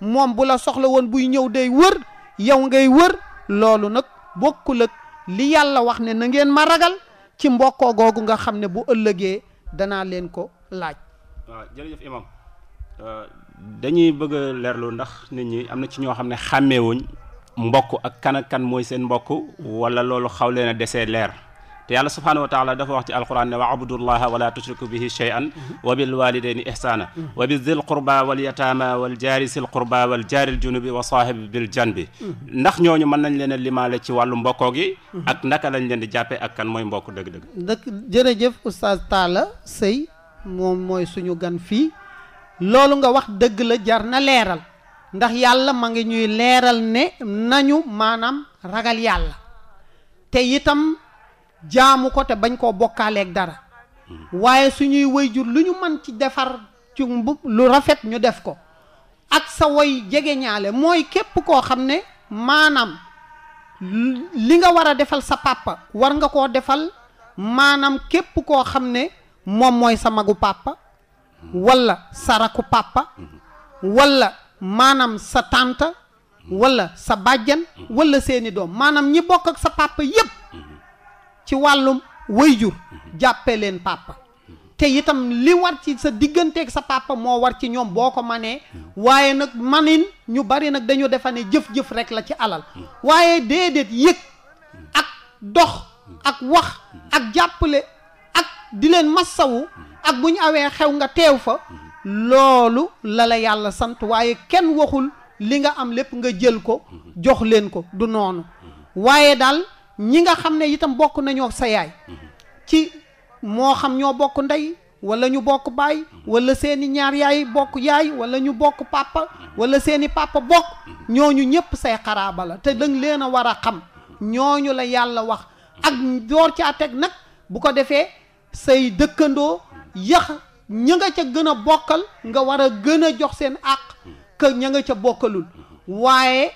moom bu la soxla woon buy ñëw day wër yow ngay wër loolu nag bokkul ak li yàlla wax ne na ngeen ma ragal ci mbokkoo googu nga xam ne bu ëllëgee danaa leen ko laaj. waaw jërëjëf imam euh, dañuy bëgg a leerlu ndax nit ñi am na ci ñoo xam ne xàmmeewuñ mbokk ak kanakan mooy seen mbokk wala loolu xaw leen a desee leer. te yàlla subhanahu wa taala dafa wax ci alquran ne wa abudullaha wala tushriku bihi shay'an wa bil walidaini ihsana wa bil dhil qurba wal yatama wal jaari sil qurba wal al junubi wa sahib bil janbi ndax ñooñu man nañ leen limale ci walu mbokkoo gi ak naka lañ leen di jappé ak kan mooy mbokk deug deug dëkk jërëjëf oustaz tala Sey mom moy suñu gan fi loolu nga wax deug la jar na leral ndax yàlla ma ngi ñuy leral ne nañu manam ragal yàlla te itam jaamu ko te bañ koo bokkaaleek dara waaye suñuy jur lu ñu mën ci defar ci lu rafet ñu def ko ak sa woy jegeñaale mooy képp koo xam ne maanaam li nga war a defal sa papa war nga koo defal maanaam képp koo xam ne moom mooy sa magu papa walla sa raku papa walla maanaam sa tànta walla sa bàjjan walla seeni doom maanaam ñi bokk ak sa papa yépp ci wàllum wayjur jàppe leen papa te itam li war ci sa digganteeg sa papa moo war ci ñoom boo ko manee waaye nag manin ñu bari nag dañu defa ne jëf-jëf rek la ci alal waaye déedéet yëg ak dox ak wax ak jàppale ak di leen massawu ak bu ñu awee xew nga teew fa loolu la la yàlla sant waaye kenn waxul li nga am lépp nga jël ko jox leen ko du noonu waaye daal ñi nga xam ne itam bokk nañoo sa yaay ci moo xam ñoo bokk ndey walla ñu bokk baay wala seeni ñaar yaay bokk yaay walla ñu bokk papa wala seeni papa bokk ñooñu ñëpp say xaraaba la te danga leen a war a xam ñooñu la yàlla wax ak door caa teg nag bu ko defee say dëkkandoo yax ña nga ca gën a bokkal nga war a gën a jox seen àq que ña nga ca bokkalul waaye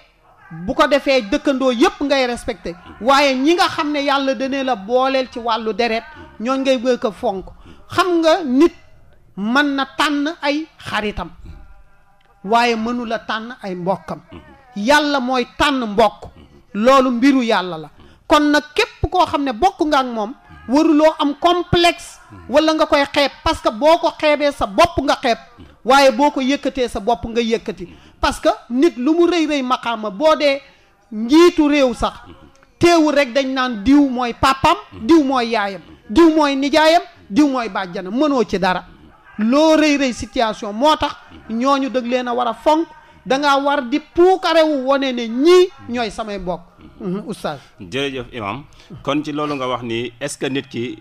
bu ko defee dëkkandoo yëpp ngay respecté waaye ñi nga xam ne yàlla dane la booleel ci wàllu deret ñooñ ngay bëgg a fonk xam nga nit mën na tànn ay xaritam waaye mënula tànn ay mbokkam yàlla mooy tànn mbokk loolu mbiru yàlla la kon na képp koo xam ne bokk nga ak moom waruloo am complexe wala nga koy xeeb parce que boo ko xeebee sa bopp nga xeeb waaye boo ko yëkkatee sa bopp nga yëkkati parce que nit lu mu rëy rëy maqaama boo dee njiitu réew sax teewul rek dañ naan diw mooy papam diw mooy yaayam diw mooy nijaayam diw mooy bàjjanam mënoo ci dara loo rëy rëy situation moo tax ñoo ñu dëgg leen a war a fonk dangaa war di puukarewu wane ne ñii ñooy samay mbokk mhm, oustaz jërëjëf imam kon ci loolu nga wax ni est-ce que nit ki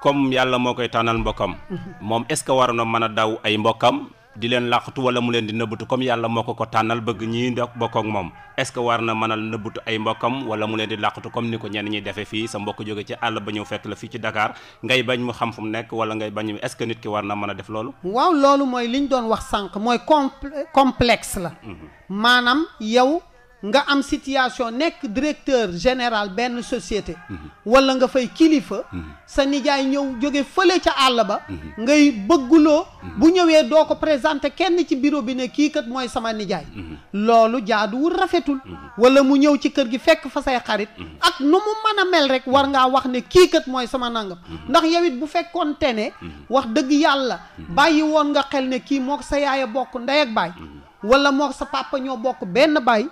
comme yàlla moo koy tànnal mbokkam mhm. moom est-ce que waroon na mën a daw ay mbokkam di leen làqatu wala mu leen di nëbbatu comme yàlla moo ko ko tànnal bëgg ñii ndox bokk ak moom est-ce que war na mënal nëbbatu ay mbokkam wala mu leen di làqatu comme ni ko ñenn ñi defee fii sa mbokk jóge ci àll ba ñëw fekk la fii ci Dakar ngay bañ mu xam fu mu nekk wala ngay bañ est-ce nit ki war na mën a def loolu. waaw loolu mooy li ñu doon wax sànq mooy complexe la. Mhm. maanaam yow nga am situation nekk directeur général benn société walla nga fay kilifa sa nijaay ñëw jóge fële ca àll ba ngay bëgguloo bu ñëwee doo ko présenté kenn ci bureau bi ne kii kat mooy sama nijaay loolu jaaduwul rafetul wala mu ñëw ci kër gi fekk fa say xarit ak nu mu mën a mel rek war ngaa wax ne kii kat mooy sama nangam ndax yow it bu fekkoon te ne wax dëgg yàlla bàyyi woon nga xel ne kii moo sa yaay a bokk ndey ak baay wala moo sa papa ñoo bokk benn baay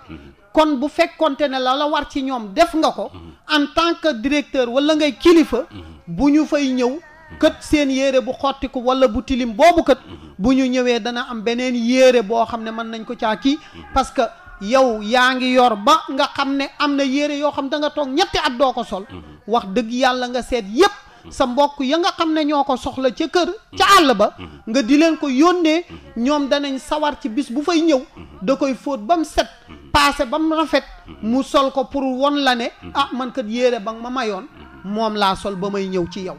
kon bu fekkonte ne la la war ci ñoom def nga ko en tant que directeur wala ngay kilifa bu ñu fay ñëw kët seen yére bu xottiku wala bu tilim boobu kët bu ñu ñëwee dana am beneen yéere boo xam ne mën nañ ko caa kii parce que yow yaa ngi yor ba nga xam ne am na yére yoo xam da nga toog ñetti at doo ko sol wax dëgg yàlla nga seet yépp sa mbokk ya nga xam ne ñoo ko soxla ca kër ca àll ba nga di leen ko yónnee ñoom danañ sawar ci bis bu fay ñëw da koy fóot ba mu set paase ba mu rafet mm-hmm. mu sol ko pour won la ne mm-hmm. ah man kat yére ba nga ma mayoon mm-hmm. moom laa sol ba may ñëw ci yow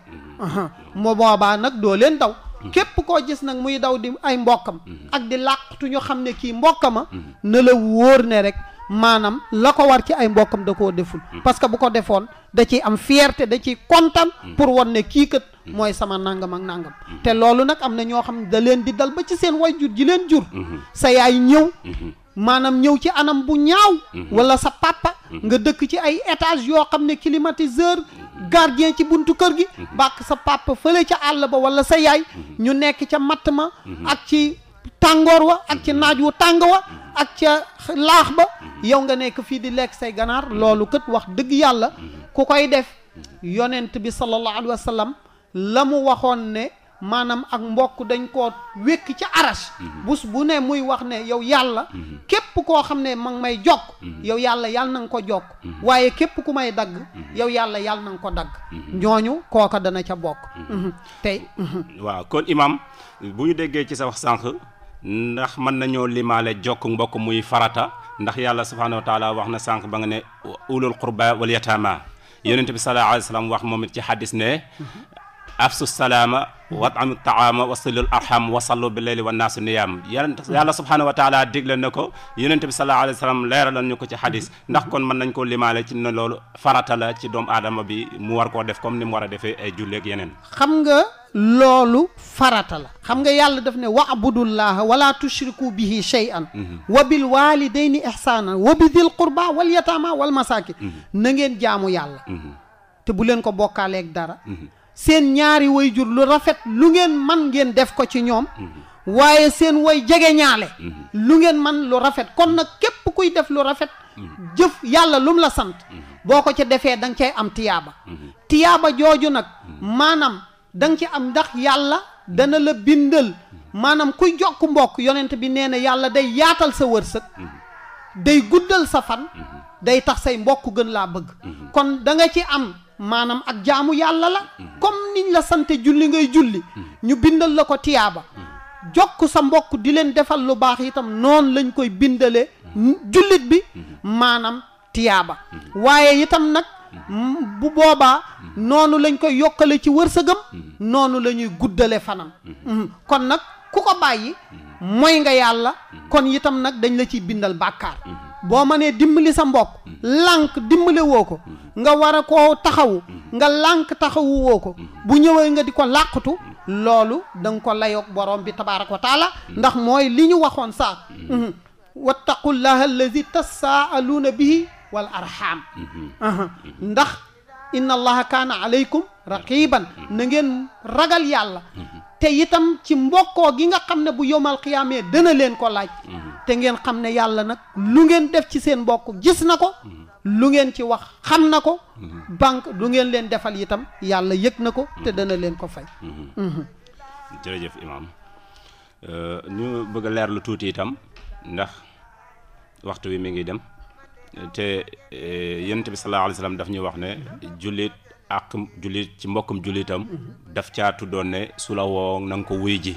mu boobaa nag doo leen daw képp koo gis nag muy daw di ay mbokkam ak di làqtu ñu xam ne kii mbokkama na la wóor ne rek maanaam la ko war ci ay mbokkam da koo deful parce que bu ko defoon da ciy am fierté da ciy kontaan pour won ne kii kat mooy sama nangam ak nangam te loolu nag am na ñoo xam ne da leen di dal ba ci seen way jur ji leen jur sa yaay ñëw maanaam ñëw ci anam bu ñaaw mhm. wala sa papa mhm. nga dëkk ci ay étage yoo xam ne climatiseur mhm. gardien ci buntu kër gi bak sa papa fële ca àll ba wala sa yaay ñu nekk ca matt ma ak ci tàngoor wa ak ci naaj wu tàng wa ak ca laax ba yow nga nekk fii di lekk say ganaar loolu kët wax dëgg yàlla ku koy def yonent bi sallallahu alayhi wa sallam la mu waxoon ne maanaam ak mbokk dañ koo wékk ca aras mhm. bus bu ne muy wax ne yow yàlla mhm. képp koo xam ne ma may jokk mhm. yow yàlla yàlla na nga ko jokk waaye képp ku may dagg yow yàlla yàlla na nga ko dagg ñooñu kooka dana ca bokk tey waaw kon imam bu ñu déggee ci sa wax sànq ndax mën nañoo limaale jokk mbokk muy farata ndax yàlla subhaanahu wa taala wax na sànq ba nga ne ulul qurba wal yataama yonent bi sallallahu alayhi wa sallam wax moom it ci xadis ne afsu salaama watamu taama wasilul arham wasallu bi leyli wannaasu niyaam yàlla subhaanahu wa taala digle na ko yonent bi sallallahu alayhi wa sallam leeralal ñu ko ci xadis ndax kon mën nañ koo limaale ci ne loolu farata la ci doomu aadama bi mu war koo def comme ni mu war a defee ay julleeg yeneen xam nga loolu farata la xam nga yàlla daf ne waabudullaha wala tushriku bihi shay'an wa bil walidayni ihsaanan wa bi dil qurba wal yataama wal masaakin na ngeen jaamu yàlla te bu leen ko bokkaaleeg dara seen ñaari way jur lu rafet lu ngeen man ngeen def ko ci ñoom waaye seen way jege ñaale lu ngeen man lu rafet kon nag képp kuy def lu rafet jëf yàlla lum la sant boo ko ci defee da nga cay am tiyaaba tiyaaba jooju nag maanaam danga ci am ndax yàlla dana la bindal maanaam kuy jokk mbokk yonent bi nee na yàlla day yaatal sa wërsëg day guddal sa fan day tax say mbokk gën laa bëgg kon da ci am maanaam ak jaamu yàlla la comme niñ la sante julli ngay julli ñu bindal la ko tiyaaba jokk sa mbokk di leen defal lu baax itam noonu lañ koy bindale jullit bi maanaam tiyaaba waaye itam nag bu boobaa noonu lañ koy yokkale ci wërsëgam noonu la ñuy guddale fanam kon nag ku ko bàyyi mooy nga yàlla kon itam nag dañ la ciy bindal bàkkaar boo mënee dimbali sa mbokk lànk dimbali woo ko nga war a ko taxawu nga lànk taxawu woo ko bu ñëwee nga di ko làqatu loolu da nga ko layoog borom bi tabaaraka wa taala ndax mooy li ñu waxoon saa mm-hmm. tas allazi tasaaluuna bi wal arham mm-hmm. Mm-hmm. ndax inna allaha kaana aleykum raqiban na ngeen ragal yàlla te itam ci mbokkoo gi nga xam ne bu yomal xiyaamee dana leen ko laaj te ngeen xam ne yàlla nag lu ngeen def ci seen mbokk gis na ko lu ngeen ci wax xam na ko banque lu ngeen leen defal itam yàlla yëg na ko te dana leen ko fay jërëjëf imaam euh, ñu bëgg a leer lu tuuti itam ndax waxtu wi mi ngi dem te euh, yonent bi sallallahu alayhi wa sallam daf ñu wax ne jullit àq jullit ci mbokkum jullitam daf caa tuddoon ne su la woo na ko wuy ji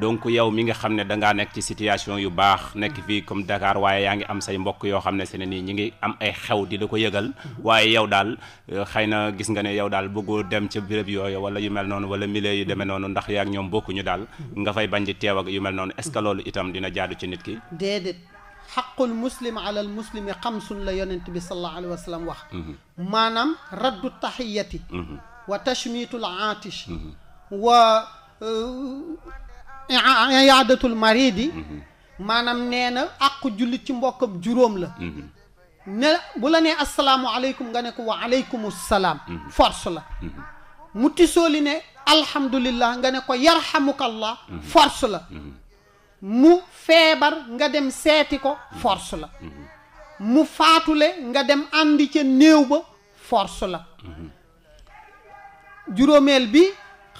donc yow mi nga xam ne dangaa nekk ci situation yu baax nekk fii comme dakaar waaye yaa ngi am say mbokk yoo xam ne se ne nii ñi ngi am ay xew di la ko yëgal waaye yow daal euh, xëy na gis nga ne yow daal bëggoo dem ca béréb yooyu wala yu mel noonu wala milieu yu demee noonu ndax yaa ak ñoom bokkuñu daal nga fay bañ di teew ak yu mel noonu est-ce que loolu itam dina jaadu ci nit ki حق المسلم على المسلم خمس لا ينتبه صلى الله عليه وسلم واخ مانام رد التحيه وتشميت العاتش و آه، اعاده المريض مانام نينا اك جولي تي مبوكم جوروم لا بولا ني السلام عليكم غنكو وعليكم السلام فرص لا موتي الحمد لله غنكو يرحمك الله فرص لا mu feebar nga dem seeti ko fors la mm-hmm. mu faatule nga dem àndi ca néew ba fors la mm-hmm. juróomeel bi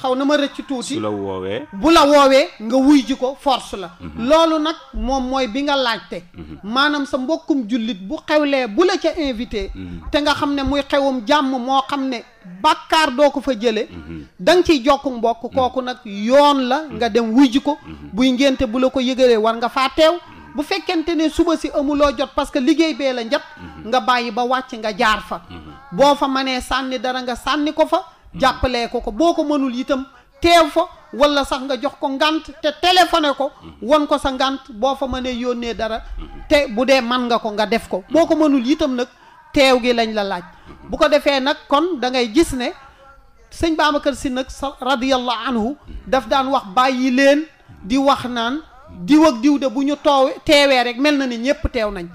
xaw na ma rëcc tuuti su la bu la woowee nga wuy ji ko force la mhm. loolu nag moom mooy bi nga laajte mhm. maanaam sa mbokkum jullit bu xewlee bu la ca invité mhm. te nga xam ne muy xewum jàmm moo xam ne bàkkaar doo ko fa jële da nga ciy jokku mbokk kooku nag yoon la nga dem wuy ji ko buy ngénte bu la ko yëgalee war nga faa teew bu fekkente ne suba si amuloo jot parce que liggéey bee la njat nga bàyyi ba wàcc nga jaar fa boo fa manee sànni dara nga sànni ko fa jàppalee ko ko boo ko mënul itam teew fa wala sax nga jox ko ngant te téléphoné ko won ko sa ngant boo fa mënee yónnee dara te bu dee man nga ko nga def ko boo ko mënul itam nag teew gi lañ la laaj bu ko defee nag kon da ngay gis ne sëñ kër Si nag sa radiyallahu anhu daf daan wax bàyyi leen di wax naan diw ak diw de bu ñu toow teewee rek mel na ne ñëpp teew nañ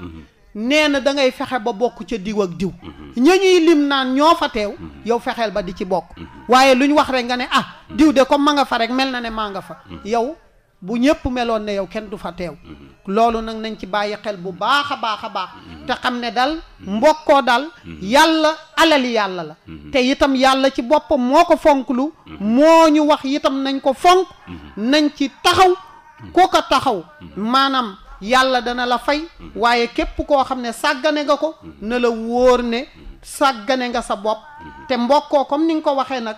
nee na da ngay fexe ba bokk ca diw ak diw mhm. ña ñuy lim naan ñoo fa teew mhm. yow fexeel ba di ci bokk mhm. waaye lu ñu wax rek nga ne ah diw de comme ma nga fa rek mel na ne maa nga fa yow bu ñëpp meloon ne yow kenn du fa teew loolu nag nañ ci bàyyi xel bu baax a baax a baax te xam ne dal mbokkoo dal yàlla alali yàlla la te itam yàlla ci boppam moo ko fonklu moo ñu wax itam nañ ko fonk nañ ci taxaw ku ko taxaw maanaam yàlla dana la fay mhm. waaye képp koo xam ne sàggane nga ko mhm. na la wóor ne mhm. sàggane nga sa bopp te mbokkoo comme ni nga ko waxee nag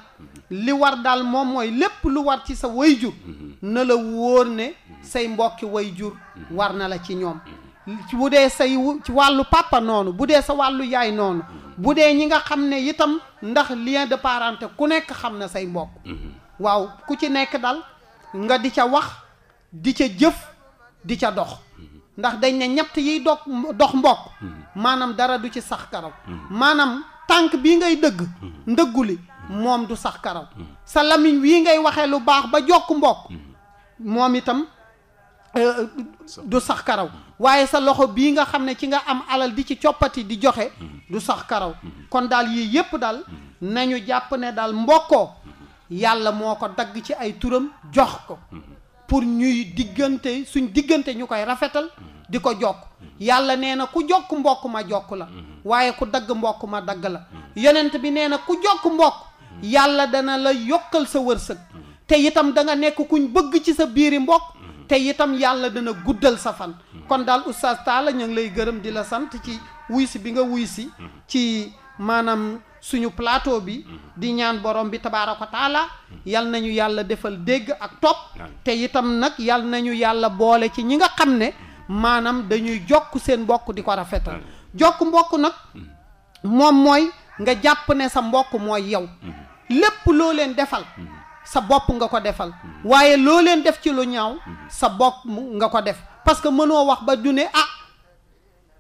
li war daal moom mooy lépp lu war ci sa wayjur na la wóor ne say mbokki jur war na la ci ñoom bu dee say wàllu papa noonu bu dee sa wàllu yaay noonu bu dee ñi nga xam ne itam ndax lien de parenté ku nekk xam na say mbokk waaw ku ci nekk dal nga di ca wax di ca jëf di ca dox ndax dañ ne ñett yiy dox dox mbokk hmm. maanaam dara du ci sax karaw hmm. maanaam tànk bi ngay dëgg hmm. ndëgguli moom du sax karaw sa lamiñ wi ngay waxe lu baax ba jokk mbokk moom itam euh, euh, du sax karaw waaye sa loxo bii nga xam ne ci nga am alal di ci coppati di joxe du sax karaw kon daal yii yépp daal nañu jàpp ne daal mbokkoo yàlla moo ko dagg ci ay turam jox ko pour ñuy diggante suñ diggante ñu koy rafetal di ko jokk yàlla nee na ku jokk mbokk ma jokk la waaye ku dagg mbokk ma dagg la yonent bi nee na ku jokk mbokk yàlla dana la yokkal sa wërsëg te itam da nga nekk kuñ bëgg ci sa biir i mbokk te itam yàlla dana guddal sa fan kon daal oustaz Talla ñu ngi lay gërëm di la sant ci wuy bi nga wuy si ci maanaam suñu plateau bi mhm. di ñaan borom bi ko taala mhm. yal nañu yàlla defal dégg ak topp te itam nag yal nañu yàlla boole ci ñi nga xam ne mhm. maanaam dañuy jokk seen mbokk di ko rafetal jokk mbokk nag moom mooy nga jàpp ne sa mbokk mooy yow lépp loo leen defal sa bopp nga ko defal waaye loo leen def ci lu ñaaw sa bopp nga ko def parce mënoo wax ba du ne ah,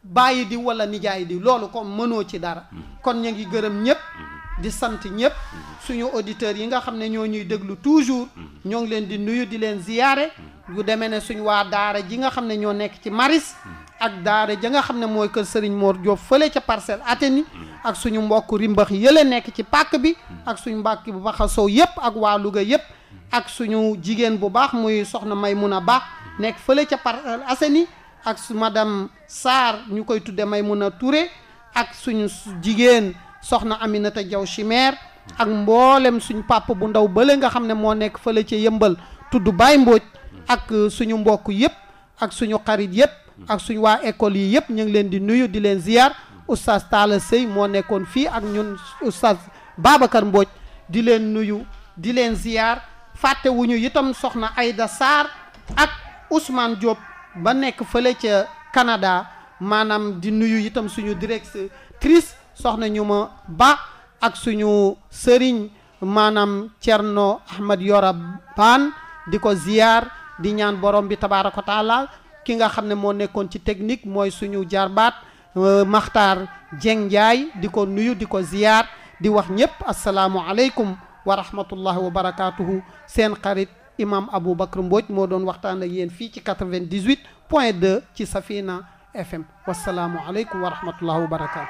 bàyyi di wala nijaay di loolu kon mënoo ci dara mm-hmm. kon ñu ngi gërëm ñëpp mm-hmm. di sant ñëpp mm-hmm. suñu auditeurs yi nga xam ne ñoo ñuy déglu toujours ñoo ngi leen di nuyu di leen ziyaare yu demee ne suñu waa daara ji nga xam ne ñoo nekk ci maris ak daara ja nga xam ne mooy kër Serigne moor Diop fële ca Parcelles Assainies ak suñu mbokk rimbax yële nekk ci pàkk bi ak suñu mbàkk bu baxa sow yëpp ak waa Louga yëpp ak suñu jigéen bu baax muy soxna Maymuna Ba nekk fële ca Parcelles Assainies ak su madame Sarr ñu koy tudde a Touré ak suñu jigéen soxna Aminata jaw Chimère ak mboolem suñ papa bu ndaw bële nga xam ne moo nekk fële ca yëmbal tudd Baye Mbóoj ak suñu mbokk yëpp ak suñu xarit yëpp ak suñu waa école yi yëpp ñu ngi leen di nuyu di leen ziyaar oustaz Talla Sey moo nekkoon fii ak ñun oustaz Babacar Mbóoj di leen nuyu di leen ziyaar fàttewuñu itam soxna Aida Sarr ak Ousmane Diop ba nekk fële ca kanada maanaam di nuyu itam suñu directrice soxna ñu ma ba ak suñu sëriñ maanaam Thierno Ahmad Yora di ko ziyaar di ñaan borom bi tabaaraka taala ki nga xam ne moo nekkoon ci technique mooy suñu jaarbaat euh, Makhtar Dieng Ndiaye di ko nuyu di ko ziyaar di wax ñëpp asalaamualeykum wa rahmatullahi wa barakaatuhu seen xarit imam abu bakr Mbodj moo doon waxtaan ak yéen fii ci 98 point 2 ci Safina FM wasalaamualeykum wa rahmatullahi wa barakaatu.